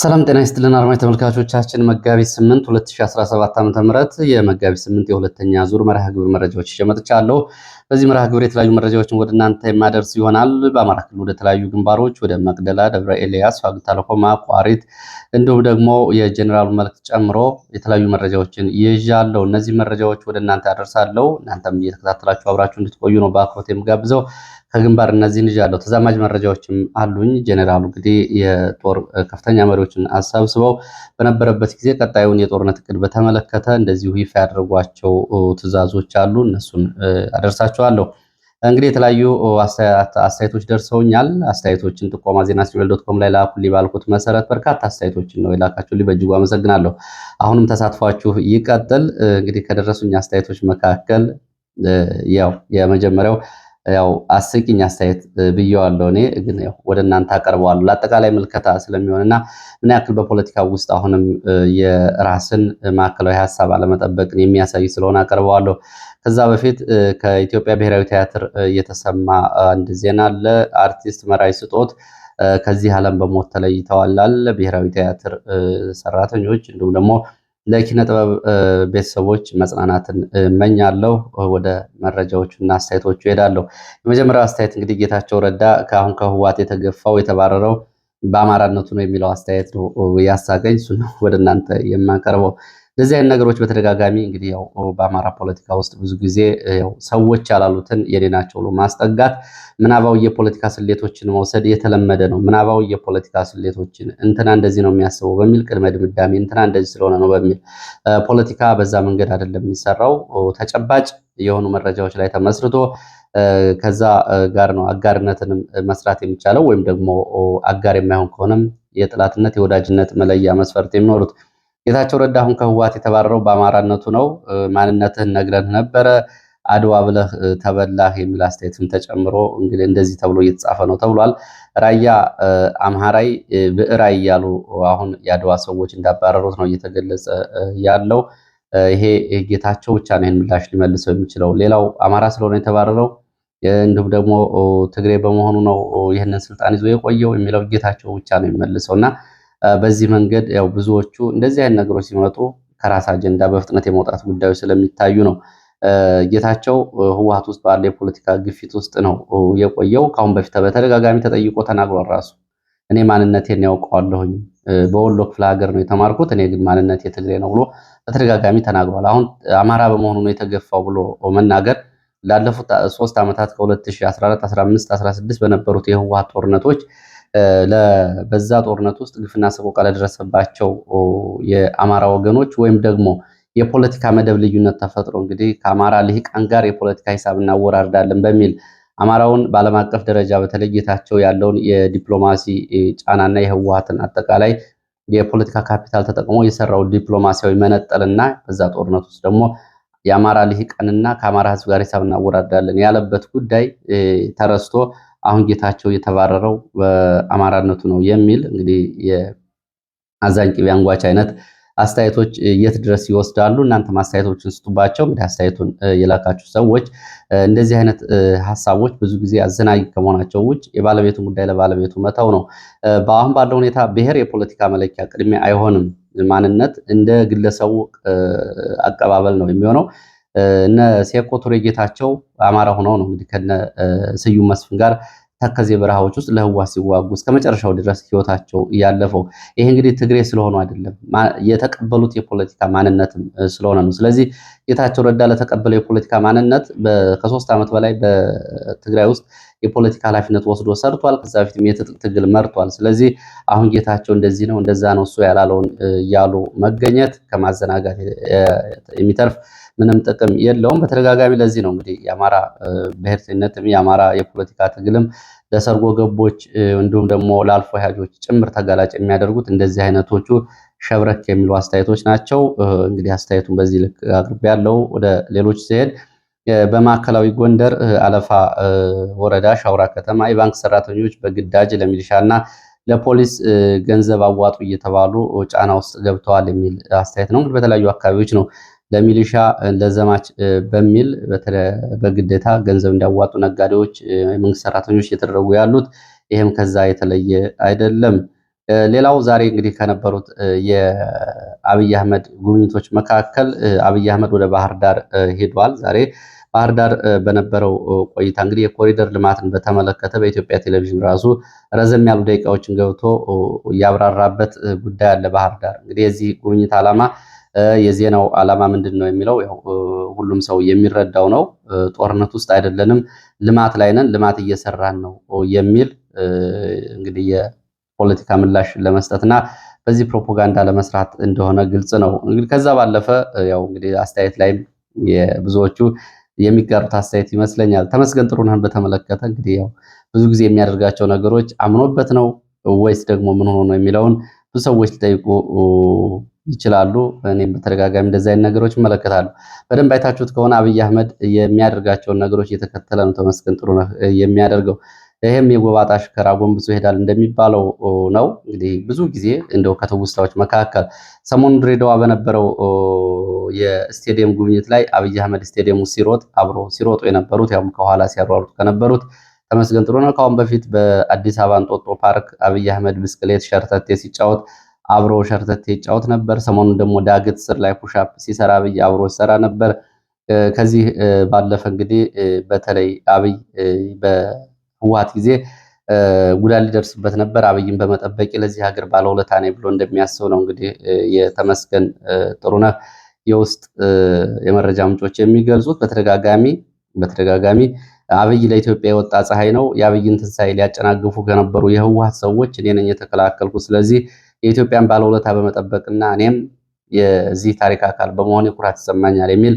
ሰላም ጤና ይስጥልን አድማጭ ተመልካቾቻችን፣ መጋቢት 8 2017 ዓ.ም የመጋቢት 8 የሁለተኛ ዙር መርሃ ግብር መረጃዎች ይዤ መጥቻለሁ። በዚህ መርሃ ግብር የተለያዩ መረጃዎችን ወደ እናንተ የማደርስ ይሆናል። በአማራ ክልል ወደ ተለያዩ ግንባሮች ወደ መቅደላ፣ ደብረ ኤልያስ፣ ፋግታ ለኮማ፣ ቋሪት እንዲሁም ደግሞ የጀኔራሉ መልክት ጨምሮ የተለያዩ መረጃዎችን ይዣለሁ። እነዚህ መረጃዎች ወደ እናንተ ያደርሳለሁ። እናንተም እየተከታተላችሁ አብራችሁ እንድትቆዩ ነው በአክብሮት የምጋብዘው። ከግንባር እነዚህን ይዣለሁ። ተዛማጅ መረጃዎችም አሉኝ። ጀኔራሉ እንግዲህ የጦር ከፍተኛ መሪዎችን አሰብስበው በነበረበት ጊዜ ቀጣዩን የጦርነት እቅድ በተመለከተ እንደዚሁ ይፋ ያደረጓቸው ትዕዛዞች አሉ። እነሱን አደርሳችሁ እሰጣቸዋለሁ። እንግዲህ የተለያዩ አስተያየቶች ደርሰውኛል። አስተያየቶችን ጥቆማ ዜና ጂሜል ዶት ኮም ላይ ላኩልኝ ባልኩት መሰረት በርካታ አስተያየቶችን ነው የላካችሁልኝ፣ በእጅጉ አመሰግናለሁ። አሁንም ተሳትፏችሁ ይቀጥል። እንግዲህ ከደረሱኝ አስተያየቶች መካከል ያው የመጀመሪያው ያው አስቂኝ አስተያየት ብየዋለሁ። እኔ ግን ያው ወደ እናንተ አቀርበዋለሁ ለአጠቃላይ ምልከታ ስለሚሆንና ምን ያክል በፖለቲካ ውስጥ አሁንም የራስን ማዕከላዊ ሀሳብ አለመጠበቅን የሚያሳይ ስለሆነ አቀርበዋለሁ። ከዛ በፊት ከኢትዮጵያ ብሔራዊ ቲያትር የተሰማ አንድ ዜና አለ። አርቲስት መራይ ስጦት ከዚህ ዓለም በሞት ተለይተዋላል። ብሔራዊ ቲያትር ሰራተኞች እንዲሁም ደግሞ ለኪነ ጥበብ ቤተሰቦች መጽናናትን እመኛለሁ። ወደ እና አስተያየቶቹ እሄዳለሁ። የመጀመሪያው አስተያየት እንግዲህ ጌታቸው ረዳ ከአሁን ከህዋት የተገፋው የተባረረው በአማራነቱ ነው የሚለው አስተያየት ነው ያሳገኝ። ነው ወደ እናንተ የማቀርበው። እንደዚህ አይነት ነገሮች በተደጋጋሚ እንግዲህ ያው በአማራ ፖለቲካ ውስጥ ብዙ ጊዜ ሰዎች ያላሉትን የኔ ናቸው ብሎ ማስጠጋት፣ ምናባዊ የፖለቲካ ስሌቶችን መውሰድ የተለመደ ነው። ምናባዊ የፖለቲካ ስሌቶችን እንትና እንደዚህ ነው የሚያስበው በሚል ቅድመ ድምዳሜ እንትና እንደዚህ ስለሆነ ነው በሚል ፖለቲካ በዛ መንገድ አይደለም የሚሰራው። ተጨባጭ የሆኑ መረጃዎች ላይ ተመስርቶ ከዛ ጋር ነው አጋርነትንም መስራት የሚቻለው ወይም ደግሞ አጋር የማይሆን ከሆነም የጥላትነት የወዳጅነት መለያ መስፈርት የሚኖሩት ጌታቸው ረዳ አሁን ከህወሓት የተባረረው በአማራነቱ ነው። ማንነትህን ነግረን ነበረ አድዋ ብለህ ተበላህ የሚል አስተያየትም ተጨምሮ እንግዲህ እንደዚህ ተብሎ እየተጻፈ ነው ተብሏል። ራያ አምሃራይ ብዕራይ እያሉ አሁን የአድዋ ሰዎች እንዳባረሩት ነው እየተገለጸ ያለው። ይሄ ጌታቸው ብቻ ነው ይህን ምላሽ ሊመልሰው የሚችለው። ሌላው አማራ ስለሆነ የተባረረው እንዲሁም ደግሞ ትግሬ በመሆኑ ነው ይህንን ስልጣን ይዞ የቆየው የሚለው ጌታቸው ብቻ ነው የሚመልሰው እና በዚህ መንገድ ያው ብዙዎቹ እንደዚህ አይነት ነገሮች ሲመጡ ከራስ አጀንዳ በፍጥነት የመውጣት ጉዳዮች ስለሚታዩ ነው። ጌታቸው ህወሓት ውስጥ ባለ የፖለቲካ ግፊት ውስጥ ነው የቆየው። ከአሁን በፊት በተደጋጋሚ ተጠይቆ ተናግሯል። ራሱ እኔ ማንነቴን ያውቀዋለሁኝ፣ በወሎ ክፍለ ሀገር ነው የተማርኩት፣ እኔ ግን ማንነት የትግሬ ነው ብሎ በተደጋጋሚ ተናግሯል። አሁን አማራ በመሆኑ ነው የተገፋው ብሎ መናገር ላለፉት ሶስት ዓመታት ከ2014፣ 15፣ 16 በነበሩት የህወሀት ጦርነቶች በዛ ጦርነት ውስጥ ግፍና ሰቆቃ ለደረሰባቸው የአማራ ወገኖች ወይም ደግሞ የፖለቲካ መደብ ልዩነት ተፈጥሮ እንግዲህ ከአማራ ልሂቃን ጋር የፖለቲካ ሂሳብ እናወራርዳለን በሚል አማራውን በዓለም አቀፍ ደረጃ በተለይ ጌታቸው ያለውን የዲፕሎማሲ ጫናና የህወሀትን አጠቃላይ የፖለቲካ ካፒታል ተጠቅሞ የሰራው ዲፕሎማሲያዊ መነጠልና በዛ ጦርነት ውስጥ ደግሞ የአማራ ልሂቃንና ከአማራ ህዝብ ጋር ሂሳብ እናወራርዳለን ያለበት ጉዳይ ተረስቶ አሁን ጌታቸው የተባረረው በአማራነቱ ነው የሚል እንግዲህ የአዛኝ ቅቤ አንጓች አይነት አስተያየቶች የት ድረስ ይወስዳሉ? እናንተም አስተያየቶችን ስጡባቸው። እንግዲህ አስተያየቱን የላካችሁ ሰዎች እንደዚህ አይነት ሀሳቦች ብዙ ጊዜ አዘናጊ ከመሆናቸው ውጭ የባለቤቱን ጉዳይ ለባለቤቱ መተው ነው። በአሁን ባለው ሁኔታ ብሔር የፖለቲካ መለኪያ ቅድሚያ አይሆንም። ማንነት እንደ ግለሰቡ አቀባበል ነው የሚሆነው። እነ ሴኮ ቱሬ ጌታቸው አማራ ሆነው ነው እንግዲህ ከነ ስዩም መስፍን ጋር ተከዜ በረሃዎች ውስጥ ለህዋስ ሲዋጉ እስከ መጨረሻው ድረስ ህይወታቸው ያለፈው ይሄ እንግዲህ ትግሬ ስለሆኑ አይደለም የተቀበሉት የፖለቲካ ማንነትም ስለሆነ ነው። ስለዚህ ጌታቸው ረዳ ለተቀበለው የፖለቲካ ማንነት ከሶስት ዓመት በላይ በትግራይ ውስጥ የፖለቲካ ኃላፊነት ወስዶ ሰርቷል። ከዛ በፊትም የትጥቅ ትግል መርቷል። ስለዚህ አሁን ጌታቸው እንደዚህ ነው እንደዛ ነው እሱ ያላለውን እያሉ መገኘት ከማዘናጋት የሚተርፍ ምንም ጥቅም የለውም። በተደጋጋሚ ለዚህ ነው እንግዲህ የአማራ ብሔርተኝነትም የአማራ የፖለቲካ ትግልም ለሰርጎ ገቦች እንዲሁም ደግሞ ለአልፎ ያጆች ጭምር ተጋላጭ የሚያደርጉት እንደዚህ አይነቶቹ ሸብረክ የሚሉ አስተያየቶች ናቸው። እንግዲህ አስተያየቱን በዚህ ልክ አቅርብ ያለው ወደ ሌሎች ሲሄድ በማዕከላዊ ጎንደር አለፋ ወረዳ ሻውራ ከተማ የባንክ ሰራተኞች በግዳጅ ለሚሊሻና ለፖሊስ ገንዘብ አዋጡ እየተባሉ ጫና ውስጥ ገብተዋል የሚል አስተያየት ነው። እንግዲህ በተለያዩ አካባቢዎች ነው ለሚሊሻ ለዘማች በሚል በግዴታ ገንዘብ እንዲያዋጡ ነጋዴዎች፣ የመንግስት ሰራተኞች እየተደረጉ ያሉት ይህም ከዛ የተለየ አይደለም። ሌላው ዛሬ እንግዲህ ከነበሩት የአብይ አህመድ ጉብኝቶች መካከል አብይ አህመድ ወደ ባህር ዳር ሄዷል። ዛሬ ባህር ዳር በነበረው ቆይታ እንግዲህ የኮሪደር ልማትን በተመለከተ በኢትዮጵያ ቴሌቪዥን ራሱ ረዘም ያሉ ደቂቃዎችን ገብቶ ያብራራበት ጉዳይ አለ። ባህር ዳር እንግዲህ የዚህ ጉብኝት ዓላማ የዜናው ዓላማ ምንድን ነው የሚለው ሁሉም ሰው የሚረዳው ነው። ጦርነት ውስጥ አይደለንም፣ ልማት ላይ ነን፣ ልማት እየሰራን ነው የሚል እንግዲህ የፖለቲካ ምላሽ ለመስጠትና በዚህ ፕሮፓጋንዳ ለመስራት እንደሆነ ግልጽ ነው። እንግዲህ ከዛ ባለፈ ያው እንግዲህ አስተያየት ላይም ብዙዎቹ የሚጋሩት አስተያየት ይመስለኛል። ተመስገን ጥሩነህን በተመለከተ እንግዲህ ያው ብዙ ጊዜ የሚያደርጋቸው ነገሮች አምኖበት ነው ወይስ ደግሞ ምን ሆኖ ነው የሚለውን ብዙ ሰዎች ሊጠይቁ ይችላሉ። እኔም በተደጋጋሚ እንደዚህ አይነት ነገሮች ይመለከታሉ። በደንብ አይታችሁት ከሆነ አብይ አህመድ የሚያደርጋቸውን ነገሮች እየተከተለ ነው ተመስገን ጥሩነህ የሚያደርገው። ይህም የጎባጣ ሽከር ጎንብሶ ይሄዳል እንደሚባለው ነው። እንግዲህ ብዙ ጊዜ እንደው ከትውስታዎች መካከል ሰሞኑ ድሬዳዋ በነበረው የስቴዲየም ጉብኝት ላይ አብይ አህመድ ስቴዲየሙ ሲሮጥ አብሮ ሲሮጡ የነበሩት ያውም ከኋላ ሲያሯሩጡ ከነበሩት ተመስገን ጥሩነህ ከአሁን በፊት በአዲስ አበባ እንጦጦ ፓርክ አብይ አህመድ ብስክሌት ሸርተቴ ሲጫወት አብሮ ሸርተቴ ይጫወት ነበር። ሰሞኑን ደግሞ ዳግት ስር ላይ ፑሻፕ ሲሰራ አብይ አብሮ ሲሰራ ነበር። ከዚህ ባለፈ እንግዲህ በተለይ አብይ በህወሓት ጊዜ ጉዳት ሊደርስበት ነበር። አብይን በመጠበቅ ለዚህ ሀገር ባለውለታ ነኝ ብሎ እንደሚያስብ ነው እንግዲህ የተመስገን ጥሩነህ የውስጥ የመረጃ ምንጮች የሚገልጹት። በተደጋጋሚ በተደጋጋሚ አብይ ለኢትዮጵያ የወጣ ፀሐይ ነው፣ የአብይን ትንሳኤ ሊያጨናግፉ ከነበሩ የህወሓት ሰዎች እኔ ነኝ የተከላከልኩ ስለዚህ የኢትዮጵያን ባለውለታ በመጠበቅና እኔም የዚህ ታሪክ አካል በመሆን ኩራት ይሰማኛል የሚል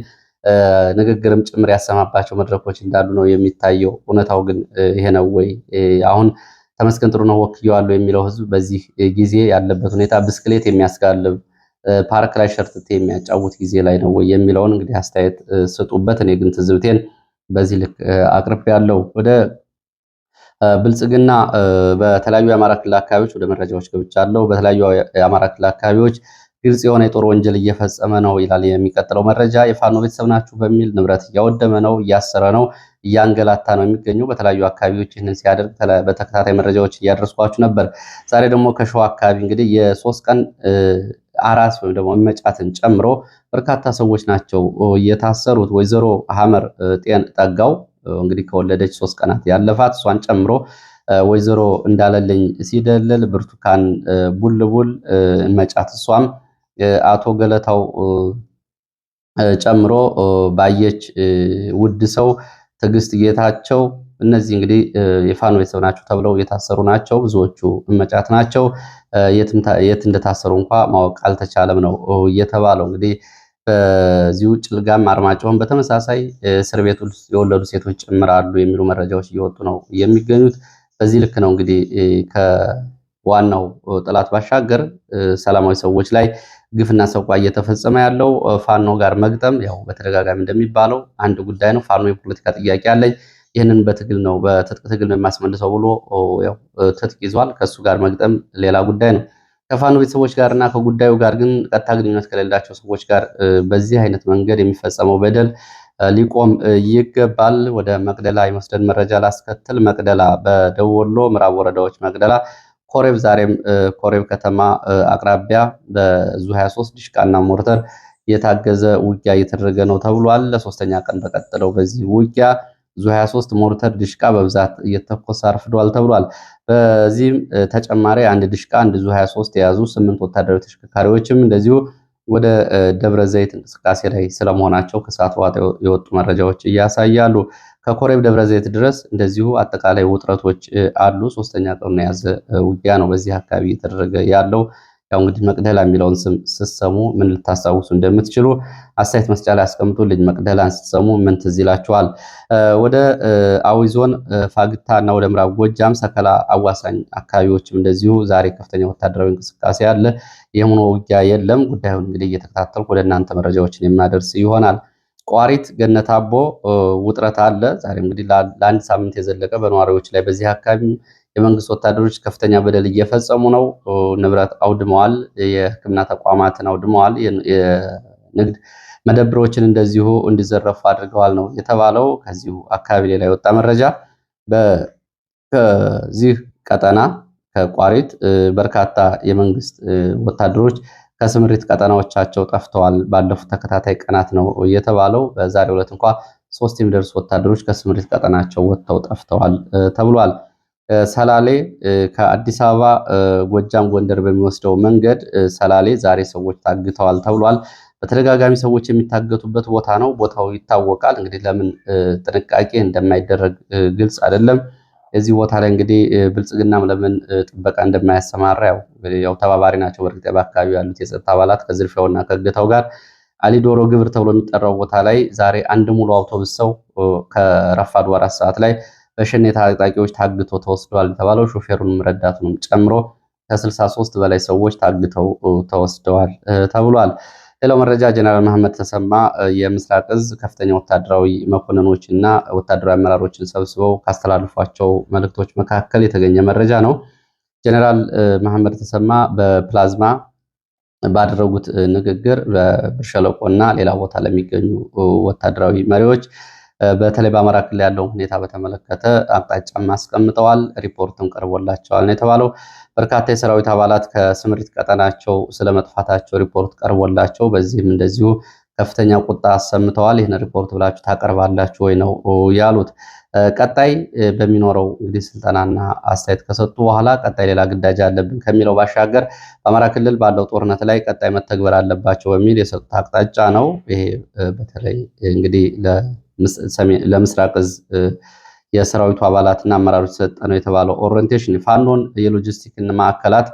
ንግግርም ጭምር ያሰማባቸው መድረኮች እንዳሉ ነው የሚታየው። እውነታው ግን ይሄ ነው ወይ? አሁን ተመስገን ነው ወክየዋለሁ የሚለው ህዝብ በዚህ ጊዜ ያለበት ሁኔታ ብስክሌት የሚያስጋልብ ፓርክ ላይ ሸርትቴ የሚያጫውት ጊዜ ላይ ነው ወይ የሚለውን እንግዲህ አስተያየት ስጡበት። እኔ ግን ትዝብቴን በዚህ ልክ አቅርቤ ያለው ወደ ብልጽግና በተለያዩ የአማራ ክልል አካባቢዎች ወደ መረጃዎች ገብቻለሁ። በተለያዩ የአማራ ክልል አካባቢዎች ግልጽ የሆነ የጦር ወንጀል እየፈጸመ ነው ይላል የሚቀጥለው መረጃ። የፋኖ ቤተሰብ ናችሁ በሚል ንብረት እያወደመ ነው፣ እያሰረ ነው፣ እያንገላታ ነው የሚገኘው። በተለያዩ አካባቢዎች ይህንን ሲያደርግ በተከታታይ መረጃዎች እያደረስኳችሁ ነበር። ዛሬ ደግሞ ከሸዋ አካባቢ እንግዲህ የሶስት ቀን አራስ ወይም ደግሞ መጫትን ጨምሮ በርካታ ሰዎች ናቸው የታሰሩት። ወይዘሮ ሀመር ጤን ጠጋው እንግዲህ ከወለደች ሶስት ቀናት ያለፋት እሷን ጨምሮ ወይዘሮ እንዳለልኝ ሲደልል፣ ብርቱካን ቡልቡል መጫት፣ እሷም አቶ ገለታው ጨምሮ ባየች ውድ ሰው፣ ትዕግስት ጌታቸው እነዚህ እንግዲህ የፋኖ ቤተሰብ ናቸው ተብለው የታሰሩ ናቸው። ብዙዎቹ መጫት ናቸው። የት እንደታሰሩ እንኳ ማወቅ አልተቻለም ነው እየተባለው እንግዲህ በዚሁ ጭልጋም አርማጭሆን በተመሳሳይ እስር ቤት ውስጥ የወለዱ ሴቶች ጭምር አሉ የሚሉ መረጃዎች እየወጡ ነው የሚገኙት። በዚህ ልክ ነው እንግዲህ ከዋናው ጥላት ባሻገር ሰላማዊ ሰዎች ላይ ግፍና ሰቋ እየተፈጸመ ያለው ፋኖ ጋር መግጠም ያው በተደጋጋሚ እንደሚባለው አንድ ጉዳይ ነው። ፋኖ የፖለቲካ ጥያቄ አለኝ ይህንን በትግል ነው በትጥቅ ትግል ነው የማስመልሰው ብሎ ያው ትጥቅ ይዟል። ከእሱ ጋር መግጠም ሌላ ጉዳይ ነው። ከፋኖ ቤተሰቦች ጋር እና ከጉዳዩ ጋር ግን ቀጥታ ግንኙነት ከሌላቸው ሰዎች ጋር በዚህ አይነት መንገድ የሚፈጸመው በደል ሊቆም ይገባል። ወደ መቅደላ የመስደድ መረጃ ላስከትል። መቅደላ በደቡብ ወሎ ምዕራብ ወረዳዎች መቅደላ ኮሬብ፣ ዛሬም ኮሬብ ከተማ አቅራቢያ በዙ 23 ድሽቃና ሞርተር የታገዘ ውጊያ እየተደረገ ነው ተብሏል። ለሶስተኛ ቀን በቀጠለው በዚህ ውጊያ ዙ 23 ሞርተር ድሽቃ በብዛት እየተኮሰ አርፍዷል ተብሏል። በዚህም ተጨማሪ አንድ ድሽቃ፣ አንድ ዙ 23 የያዙ ስምንት ወታደራዊ ተሽከርካሪዎችም እንደዚሁ ወደ ደብረ ዘይት እንቅስቃሴ ላይ ስለመሆናቸው ከሰዓት በኋላ የወጡ መረጃዎች እያሳያሉ። ከኮሬብ ደብረ ዘይት ድረስ እንደዚሁ አጠቃላይ ውጥረቶች አሉ። ሶስተኛ ቀኑን የያዘ ውጊያ ነው በዚህ አካባቢ እየተደረገ ያለው። ያው እንግዲህ መቅደላ የሚለውን ስም ስትሰሙ ምን ልታስታውሱ እንደምትችሉ አስተያየት መስጫ ላይ አስቀምጡልኝ። መቅደላን ስትሰሙ ምን ትዝ ይላችኋል? ወደ አዊ ዞን ፋግታ እና ወደ ምዕራብ ጎጃም ሰከላ አዋሳኝ አካባቢዎችም እንደዚሁ ዛሬ ከፍተኛ ወታደራዊ እንቅስቃሴ አለ። የሙኖ ውጊያ የለም። ጉዳዩን እንግዲህ እየተከታተልኩ ወደ እናንተ መረጃዎችን የማደርስ ይሆናል። ቋሪት ገነት አቦ ውጥረት አለ። ዛሬ እንግዲህ ለአንድ ሳምንት የዘለቀ በነዋሪዎች ላይ በዚህ አካባቢ የመንግስት ወታደሮች ከፍተኛ በደል እየፈጸሙ ነው። ንብረት አውድመዋል። የሕክምና ተቋማትን አውድመዋል። የንግድ መደብሮችን እንደዚሁ እንዲዘረፉ አድርገዋል ነው የተባለው። ከዚሁ አካባቢ ሌላ የወጣ መረጃ ከዚህ ቀጠና ከቋሪት በርካታ የመንግስት ወታደሮች ከስምሪት ቀጠናዎቻቸው ጠፍተዋል ባለፉት ተከታታይ ቀናት ነው የተባለው። በዛሬው ዕለት እንኳ ሶስት የሚደርሱ ወታደሮች ከስምሪት ቀጠናቸው ወጥተው ጠፍተዋል ተብሏል። ሰላሌ ከአዲስ አበባ ጎጃም፣ ጎንደር በሚወስደው መንገድ ሰላሌ ዛሬ ሰዎች ታግተዋል ተብሏል። በተደጋጋሚ ሰዎች የሚታገቱበት ቦታ ነው። ቦታው ይታወቃል። እንግዲህ ለምን ጥንቃቄ እንደማይደረግ ግልጽ አይደለም። እዚህ ቦታ ላይ እንግዲህ ብልጽግናም ለምን ጥበቃ እንደማያሰማራ ያው ተባባሪ ናቸው። በእርግጥ በአካባቢው ያሉት የጸጥታ አባላት ከዝርፊያውና ከእገታው ጋር አሊዶሮ ግብር ተብሎ የሚጠራው ቦታ ላይ ዛሬ አንድ ሙሉ አውቶቡስ ሰው ከረፋዱ አራት ሰዓት ላይ በሸኔ ታጣቂዎች ታግቶ ተወስደዋል የተባለው ሾፌሩንም ረዳቱንም ጨምሮ ከ63 በላይ ሰዎች ታግተው ተወስደዋል ተብሏል። ሌላው መረጃ ጀነራል መሐመድ ተሰማ የምስራቅ እዝ ከፍተኛ ወታደራዊ መኮንኖች እና ወታደራዊ አመራሮችን ሰብስበው ካስተላልፏቸው መልእክቶች መካከል የተገኘ መረጃ ነው። ጀነራል መሐመድ ተሰማ በፕላዝማ ባደረጉት ንግግር በብርሸለቆ እና ሌላ ቦታ ለሚገኙ ወታደራዊ መሪዎች በተለይ በአማራ ክልል ያለው ሁኔታ በተመለከተ አቅጣጫም አስቀምጠዋል። ሪፖርትም ቀርቦላቸዋል ነው የተባለው። በርካታ የሰራዊት አባላት ከስምሪት ቀጠናቸው ስለመጥፋታቸው ሪፖርት ቀርቦላቸው በዚህም እንደዚሁ ከፍተኛ ቁጣ አሰምተዋል። ይህን ሪፖርት ብላችሁ ታቀርባላችሁ ወይ ነው ያሉት። ቀጣይ በሚኖረው እንግዲህ ስልጠናና አስተያየት ከሰጡ በኋላ ቀጣይ ሌላ ግዳጅ አለብን ከሚለው ባሻገር በአማራ ክልል ባለው ጦርነት ላይ ቀጣይ መተግበር አለባቸው በሚል የሰጡት አቅጣጫ ነው። ይሄ በተለይ እንግዲህ ለምስራቅ እዝ የሰራዊቱ አባላትና አመራሮች ሰጠ ነው የተባለው ኦሪንቴሽን ፋኖን የሎጂስቲክ ማዕከላት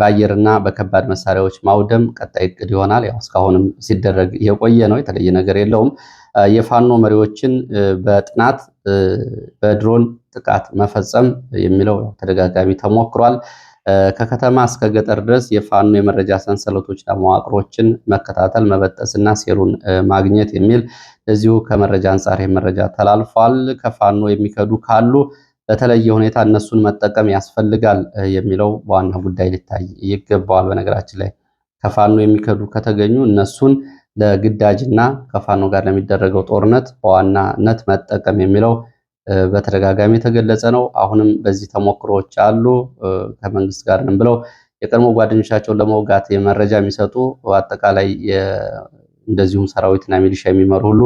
በአየርና በከባድ መሳሪያዎች ማውደም ቀጣይ እቅድ ይሆናል። ያው እስካሁንም ሲደረግ የቆየ ነው። የተለየ ነገር የለውም። የፋኖ መሪዎችን በጥናት በድሮን ጥቃት መፈጸም የሚለው ተደጋጋሚ ተሞክሯል። ከከተማ እስከ ገጠር ድረስ የፋኖ የመረጃ ሰንሰለቶችና መዋቅሮችን መከታተል መበጠስና ሴሩን ማግኘት የሚል እዚሁ ከመረጃ አንጻር መረጃ ተላልፏል። ከፋኖ የሚከዱ ካሉ በተለየ ሁኔታ እነሱን መጠቀም ያስፈልጋል የሚለው በዋና ጉዳይ ሊታይ ይገባዋል። በነገራችን ላይ ከፋኖ የሚከዱ ከተገኙ እነሱን ለግዳጅና ከፋኖ ጋር ለሚደረገው ጦርነት በዋናነት መጠቀም የሚለው በተደጋጋሚ የተገለጸ ነው። አሁንም በዚህ ተሞክሮዎች አሉ። ከመንግስት ጋር ነን ብለው የቀድሞ ጓደኞቻቸውን ለመውጋት መረጃ የሚሰጡ አጠቃላይ እንደዚሁም ሰራዊትና ሚሊሻ የሚመሩ ሁሉ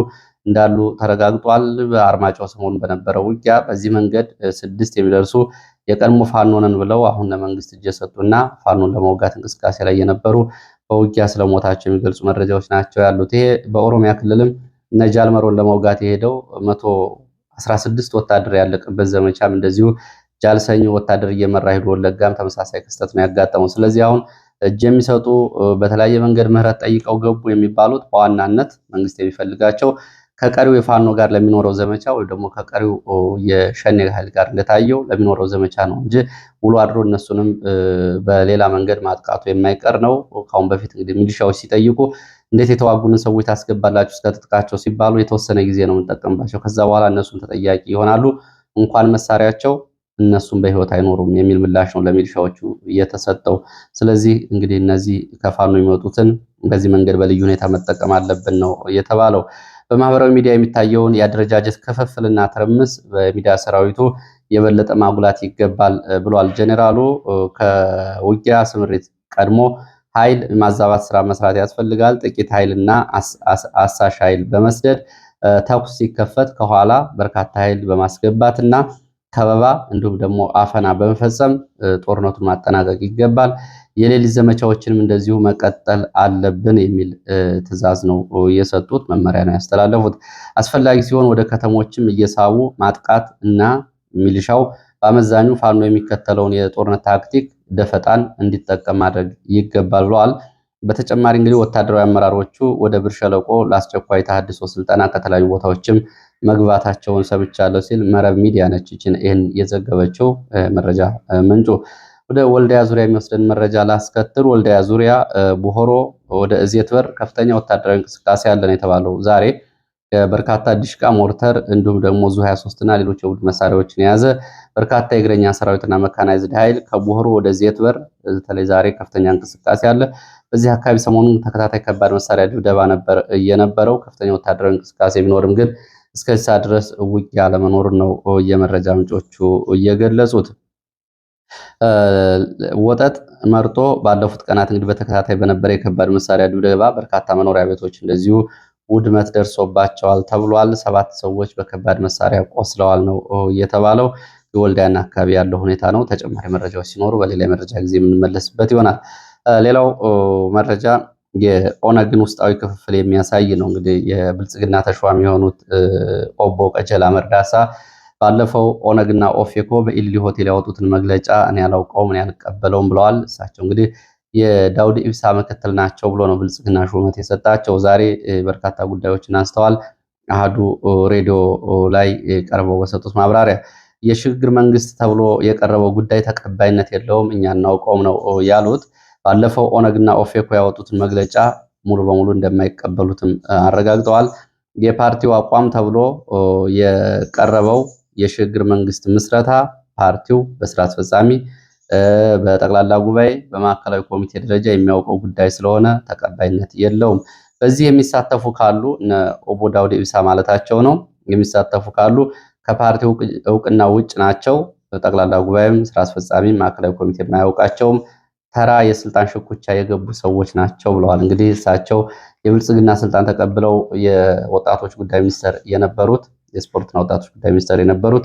እንዳሉ ተረጋግጧል። በአርማጫው ሰሞኑን በነበረው ውጊያ በዚህ መንገድ ስድስት የሚደርሱ የቀድሞ ፋኖ ብለው አሁን ለመንግስት እጅ የሰጡና ፋኖን ለመውጋት እንቅስቃሴ ላይ የነበሩ በውጊያ ስለሞታቸው የሚገልጹ መረጃዎች ናቸው ያሉት። ይሄ በኦሮሚያ ክልልም እነ ጃልመሮን ለመውጋት የሄደው መቶ 16 ወታደር ያለቀበት ዘመቻም እንደዚሁ ጃልሰኝ ወታደር እየመራ ሄዶ ወለጋም ተመሳሳይ ክስተት ነው ያጋጠመው። ስለዚህ አሁን እጅ የሚሰጡ በተለያየ መንገድ ምህረት ጠይቀው ገቡ የሚባሉት በዋናነት መንግስት የሚፈልጋቸው ከቀሪው የፋኖ ጋር ለሚኖረው ዘመቻ ወይ ደግሞ ከቀሪው የሸኔ ኃይል ጋር እንደታየው ለሚኖረው ዘመቻ ነው እንጂ ውሎ አድሮ እነሱንም በሌላ መንገድ ማጥቃቱ የማይቀር ነው። ካሁን በፊት እንግዲህ ሚሊሻዎች ሲጠይቁ እንዴት የተዋጉንን ሰዎች ታስገባላችሁ እስከ ትጥቃቸው ሲባሉ የተወሰነ ጊዜ ነው የምንጠቀምባቸው፣ ከዛ በኋላ እነሱም ተጠያቂ ይሆናሉ፣ እንኳን መሳሪያቸው እነሱም በህይወት አይኖሩም የሚል ምላሽ ነው ለሚሊሻዎቹ እየተሰጠው። ስለዚህ እንግዲህ እነዚህ ከፋኖ የሚወጡትን በዚህ መንገድ በልዩ ሁኔታ መጠቀም አለብን ነው የተባለው። በማህበራዊ ሚዲያ የሚታየውን የአደረጃጀት ክፍፍልና ትርምስ በሚዲያ ሰራዊቱ የበለጠ ማጉላት ይገባል ብሏል ጀኔራሉ። ከውጊያ ስምሪት ቀድሞ ኃይል ማዛባት ስራ መስራት ያስፈልጋል። ጥቂት ኃይልና አሳሽ ኃይል በመስደድ ተኩስ ሲከፈት ከኋላ በርካታ ኃይል በማስገባት እና ከበባ እንዲሁም ደግሞ አፈና በመፈጸም ጦርነቱን ማጠናቀቅ ይገባል። የሌሊት ዘመቻዎችንም እንደዚሁ መቀጠል አለብን የሚል ትዕዛዝ ነው የሰጡት፣ መመሪያ ነው ያስተላለፉት። አስፈላጊ ሲሆን ወደ ከተሞችም እየሳቡ ማጥቃት እና ሚሊሻው በአመዛኙ ፋኖ የሚከተለውን የጦርነት ታክቲክ ደፈጣን እንዲጠቀም ማድረግ ይገባል ብለዋል። በተጨማሪ እንግዲህ ወታደራዊ አመራሮቹ ወደ ብር ሸለቆ ለአስቸኳይ ተሃድሶ ስልጠና ከተለያዩ ቦታዎችም መግባታቸውን ሰምቻለሁ ሲል መረብ ሚዲያ ነች ይህን የዘገበችው መረጃ ምንጩ ወደ ወልዲያ ዙሪያ የሚወስደን መረጃ ላስከትል። ወልዲያ ዙሪያ ቦሆሮ ወደ እዜት በር ከፍተኛ ወታደራዊ እንቅስቃሴ ያለን የተባለው ዛሬ በርካታ ዲሽቃ፣ ሞርተር እንዲሁም ደግሞ ዙ 23 እና ሌሎች የቡድን መሳሪያዎችን የያዘ በርካታ የእግረኛ ሰራዊትና መካናይዝድ ኃይል ከቦሆሮ ወደ እዜት በር በተለይ ዛሬ ከፍተኛ እንቅስቃሴ አለ። በዚህ አካባቢ ሰሞኑን ተከታታይ ከባድ መሳሪያ ድብደባ ነበር እየነበረው ከፍተኛ ወታደራዊ እንቅስቃሴ ቢኖርም ግን እስከ ድረስ ውጊያ አለመኖር ነው የመረጃ ምንጮቹ እየገለጹት። ወጠጥ መርጦ ባለፉት ቀናት እንግዲህ በተከታታይ በነበረ የከባድ መሳሪያ ድብደባ በርካታ መኖሪያ ቤቶች እንደዚሁ ውድመት ደርሶባቸዋል ተብሏል። ሰባት ሰዎች በከባድ መሳሪያ ቆስለዋል ነው እየተባለው። የወልዲያና አካባቢ ያለው ሁኔታ ነው። ተጨማሪ መረጃዎች ሲኖሩ በሌላ የመረጃ ጊዜ የምንመለስበት ይሆናል። ሌላው መረጃ የኦነግን ውስጣዊ ክፍፍል የሚያሳይ ነው። እንግዲህ የብልጽግና ተሿሚ የሆኑት ኦቦ ቀጀላ መርዳሳ ባለፈው ኦነግና ኦፌኮ በኢሊ ሆቴል ያወጡትን መግለጫ እኔ ያላውቀውም እኔ ያልቀበለውም ብለዋል። እሳቸው እንግዲህ የዳውድ ኢብሳ ምክትል ናቸው ብሎ ነው ብልጽግና ሹመት የሰጣቸው። ዛሬ በርካታ ጉዳዮችን አንስተዋል። አህዱ ሬዲዮ ላይ ቀርበው በሰጡት ማብራሪያ የሽግግር መንግስት ተብሎ የቀረበው ጉዳይ ተቀባይነት የለውም እኛ እናውቀውም ነው ያሉት። ባለፈው ኦነግና ኦፌኮ ያወጡትን መግለጫ ሙሉ በሙሉ እንደማይቀበሉትም አረጋግጠዋል። የፓርቲው አቋም ተብሎ የቀረበው የሽግግር መንግስት ምስረታ ፓርቲው በስራ አስፈጻሚ በጠቅላላ ጉባኤ በማዕከላዊ ኮሚቴ ደረጃ የሚያውቀው ጉዳይ ስለሆነ ተቀባይነት የለውም። በዚህ የሚሳተፉ ካሉ ኦቦ ዳውድ ኢብሳ ማለታቸው ነው። የሚሳተፉ ካሉ ከፓርቲው እውቅና ውጭ ናቸው። ጠቅላላ ጉባኤም ስራ አስፈጻሚ ማዕከላዊ ኮሚቴ የማያውቃቸውም ተራ የስልጣን ሽኩቻ የገቡ ሰዎች ናቸው ብለዋል። እንግዲህ እሳቸው የብልጽግና ስልጣን ተቀብለው የወጣቶች ጉዳይ ሚኒስትር የነበሩት የስፖርትና ወጣቶች ጉዳይ ሚኒስተር የነበሩት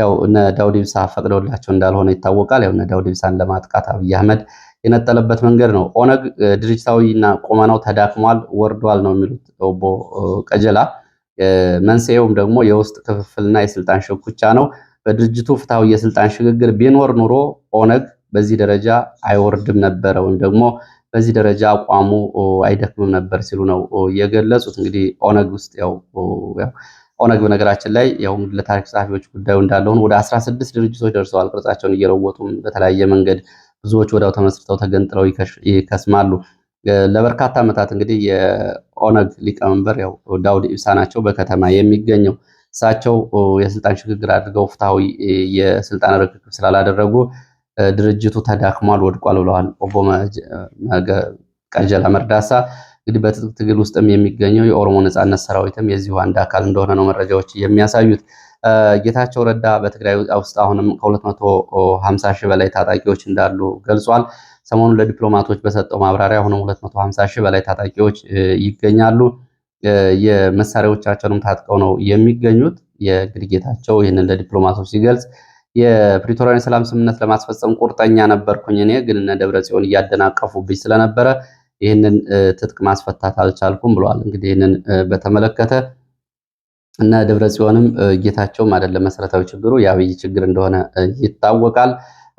ያው እነ ዳውድ ኢብሳ ፈቅደውላቸው እንዳልሆነ ይታወቃል። ያው እነ ዳውድ ኢብሳን ለማጥቃት አብይ አህመድ የነጠለበት መንገድ ነው። ኦነግ ድርጅታዊና ቁመናው ተዳክሟል፣ ወርዷል ነው የሚሉት ኦቦ ቀጀላ። መንስኤውም ደግሞ የውስጥ ክፍፍልና የስልጣን ሽኩቻ ነው። በድርጅቱ ፍትሐዊ የስልጣን ሽግግር ቢኖር ኑሮ ኦነግ በዚህ ደረጃ አይወርድም ነበረ ወይም ደግሞ በዚህ ደረጃ አቋሙ አይደክምም ነበር ሲሉ ነው የገለጹት። እንግዲህ ኦነግ ውስጥ ያው ኦነግ በነገራችን ላይ ያው ለታሪክ ጸሐፊዎች ጉዳዩ እንዳለውን ወደ 16 ድርጅቶች ደርሰዋል። ቅርጻቸውን እየለወጡም በተለያየ መንገድ ብዙዎች ወዲያው ተመስርተው ተገንጥለው ይከስማሉ። ለበርካታ ዓመታት እንግዲህ የኦነግ ሊቀመንበር ያው ዳውድ ኢብሳ ናቸው በከተማ የሚገኘው። እሳቸው የስልጣን ሽግግር አድርገው ፍትሐዊ የስልጣን ርክክብ ስላላደረጉ ድርጅቱ ተዳክሟል፣ ወድቋል ብለዋል። ኦቦ ቀጀላ መርዳሳ እንግዲህ በትጥቅ ትግል ውስጥም የሚገኘው የኦሮሞ ነጻነት ሰራዊትም የዚሁ አንድ አካል እንደሆነ ነው መረጃዎች የሚያሳዩት። ጌታቸው ረዳ በትግራይ ውስጥ አሁንም ከ250 ሺህ በላይ ታጣቂዎች እንዳሉ ገልጿል። ሰሞኑን ለዲፕሎማቶች በሰጠው ማብራሪያ አሁንም 250 ሺህ በላይ ታጣቂዎች ይገኛሉ። የመሳሪያዎቻቸውንም ታጥቀው ነው የሚገኙት። የእንግዲህ ጌታቸው ይህንን ለዲፕሎማቶች ሲገልጽ የፕሪቶሪያን ሰላም ስምምነት ለማስፈጸም ቁርጠኛ ነበርኩኝ እኔ ግን እነ ደብረ ጽዮን እያደናቀፉብኝ ስለነበረ ይህንን ትጥቅ ማስፈታት አልቻልኩም ብለዋል። እንግዲህ ይህንን በተመለከተ እና ደብረ ጽዮንም ጌታቸውም አይደለም መሰረታዊ ችግሩ የአብይ ችግር እንደሆነ ይታወቃል።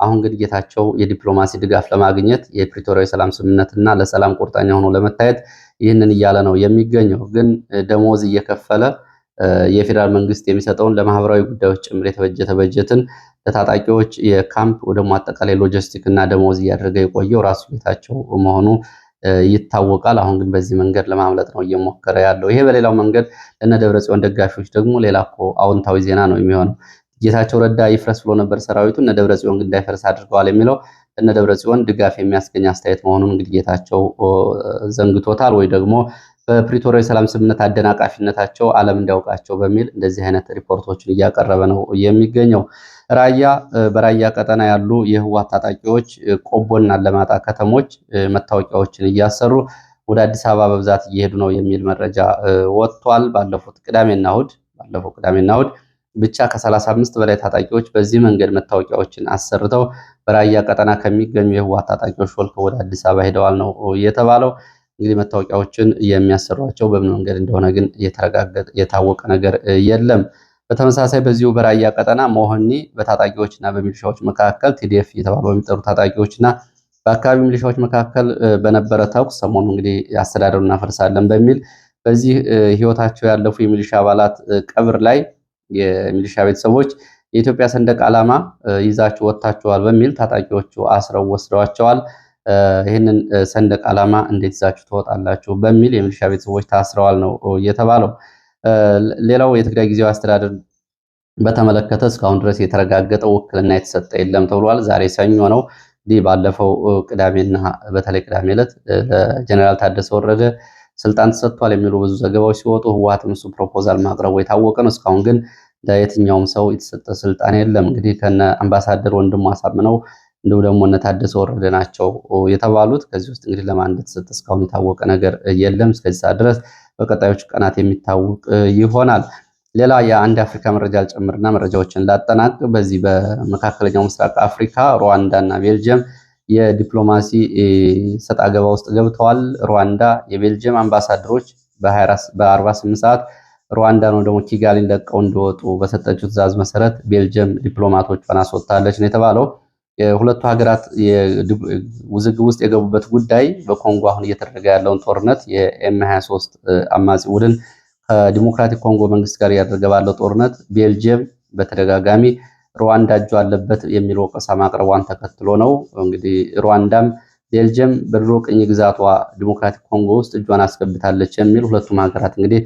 አሁን ግን ጌታቸው የዲፕሎማሲ ድጋፍ ለማግኘት የፕሪቶሪያዊ ሰላም ስምምነትና ለሰላም ቁርጠኛ ሆኖ ለመታየት ይህንን እያለ ነው የሚገኘው። ግን ደሞዝ እየከፈለ የፌዴራል መንግስት የሚሰጠውን ለማህበራዊ ጉዳዮች ጭምር የተበጀተ በጀትን ለታጣቂዎች የካምፕ ወደሞ አጠቃላይ ሎጂስቲክ እና ደሞዝ እያደረገ የቆየው ራሱ ጌታቸው መሆኑ ይታወቃል። አሁን ግን በዚህ መንገድ ለማምለጥ ነው እየሞከረ ያለው። ይሄ በሌላው መንገድ ለነ ደብረ ጽዮን ደጋፊዎች ደግሞ ሌላ እኮ አዎንታዊ ዜና ነው የሚሆነው። ጌታቸው ረዳ ይፍረስ ብሎ ነበር ሰራዊቱ፣ እነ ደብረ ጽዮን ግን እንዳይፈርስ አድርገዋል የሚለው እነ ደብረ ጽዮን ድጋፍ የሚያስገኝ አስተያየት መሆኑን እንግዲህ ጌታቸው ዘንግቶታል ወይ ደግሞ በፕሪቶሪያ የሰላም ስምምነት አደናቃፊነታቸው ዓለም እንዲያውቃቸው በሚል እንደዚህ አይነት ሪፖርቶችን እያቀረበ ነው የሚገኘው። ራያ በራያ ቀጠና ያሉ የህወሓት ታጣቂዎች ቆቦና ለማጣ ከተሞች መታወቂያዎችን እያሰሩ ወደ አዲስ አበባ በብዛት እየሄዱ ነው የሚል መረጃ ወጥቷል። ባለፉት ቅዳሜና እሑድ ባለፈው ቅዳሜና እሑድ ብቻ ከ35 በላይ ታጣቂዎች በዚህ መንገድ መታወቂያዎችን አሰርተው በራያ ቀጠና ከሚገኙ የህወሓት ታጣቂዎች ወልከው ወደ አዲስ አበባ ሄደዋል ነው የተባለው። እንግዲህ መታወቂያዎችን የሚያሰሯቸው በምን መንገድ እንደሆነ ግን የታወቀ ነገር የለም። በተመሳሳይ በዚሁ በራያ ቀጠና መሆኒ በታጣቂዎችና በሚሊሻዎች መካከል ቲዲኤፍ እየተባሉ በሚጠሩ ታጣቂዎችና በአካባቢ ሚሊሻዎች መካከል በነበረ ተኩስ ሰሞኑ እንግዲህ አስተዳደሩ እናፈርሳለን በሚል በዚህ ህይወታቸው ያለፉ የሚሊሻ አባላት ቀብር ላይ የሚሊሻ ቤተሰቦች የኢትዮጵያ ሰንደቅ ዓላማ ይዛችሁ ወጥታችኋል በሚል ታጣቂዎቹ አስረው ወስደዋቸዋል። ይህንን ሰንደቅ ዓላማ እንዴት ይዛችሁ ትወጣላችሁ በሚል የሚሊሻ ቤተሰቦች ታስረዋል ነው የተባለው። ሌላው የትግራይ ጊዜያዊ አስተዳደር በተመለከተ እስካሁን ድረስ የተረጋገጠ ውክልና የተሰጠ የለም ተብሏል። ዛሬ ሰኞ ነው። እንዲህ ባለፈው ቅዳሜና በተለይ ቅዳሜ ዕለት ለጀኔራል ታደሰ ወረደ ስልጣን ተሰጥቷል የሚሉ ብዙ ዘገባዎች ሲወጡ ህወሓትም እሱ ፕሮፖዛል ማቅረቡ የታወቀ ነው። እስካሁን ግን ለየትኛውም ሰው የተሰጠ ስልጣን የለም። እንግዲህ ከነ አምባሳደር ወንድሙ አሳምነው እንዲሁም ደግሞ እነ ታደሰ ወረደ ናቸው የተባሉት። ከዚህ ውስጥ እንግዲህ ለማን እንደተሰጠ እስካሁን የታወቀ ነገር የለም። እስከዚህ ሰዓት ድረስ በቀጣዮቹ ቀናት የሚታወቅ ይሆናል። ሌላ የአንድ አፍሪካ መረጃ ልጨምርና መረጃዎችን ላጠናቅ። በዚህ በመካከለኛው ምስራቅ አፍሪካ ሩዋንዳ እና ቤልጅየም የዲፕሎማሲ ሰጣ ገባ ውስጥ ገብተዋል። ሩዋንዳ የቤልጅየም አምባሳደሮች በ48 ሰዓት ሩዋንዳ ነው ደግሞ ኪጋሊን ለቀው እንዲወጡ በሰጠችው ትዕዛዝ መሰረት ቤልጅየም ዲፕሎማቶቿን አስወጥታለች ነው የተባለው። የሁለቱ ሀገራት ውዝግብ ውስጥ የገቡበት ጉዳይ በኮንጎ አሁን እየተደረገ ያለውን ጦርነት የኤም 23 አማጺ ቡድን ከዲሞክራቲክ ኮንጎ መንግስት ጋር እያደረገ ባለው ጦርነት ቤልጅየም በተደጋጋሚ ሩዋንዳ እጁ አለበት የሚል ወቀሳ ማቅረቧን ተከትሎ ነው። እንግዲህ ሩዋንዳም ቤልጅየም በድሮ ቅኝ ግዛቷ ዲሞክራቲክ ኮንጎ ውስጥ እጇን አስገብታለች የሚል ሁለቱም ሀገራት እንግዲህ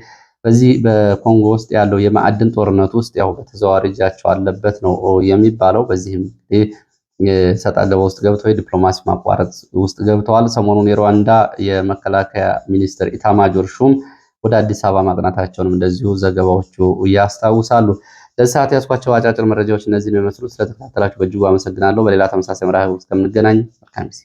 በዚህ በኮንጎ ውስጥ ያለው የማዕድን ጦርነት ውስጥ ያው በተዘዋዋሪ እጃቸው አለበት ነው የሚባለው። በዚህም ይሰጣል ውስጥ ገብተው የዲፕሎማሲ ማቋረጥ ውስጥ ገብተዋል። ሰሞኑን የሩዋንዳ የመከላከያ ሚኒስትር ኢታማጆር ሹም ወደ አዲስ አበባ ማቅናታቸውንም እንደዚሁ ዘገባዎቹ ያስታውሳሉ። ለዚህ ሰዓት ያስኳቸው አጫጭር መረጃዎች እነዚህን የሚመስሉት። ስለተከታተላችሁ በእጅጉ አመሰግናለሁ። በሌላ ተመሳሳይ መርሃ እስከምንገናኝ መልካም ጊዜ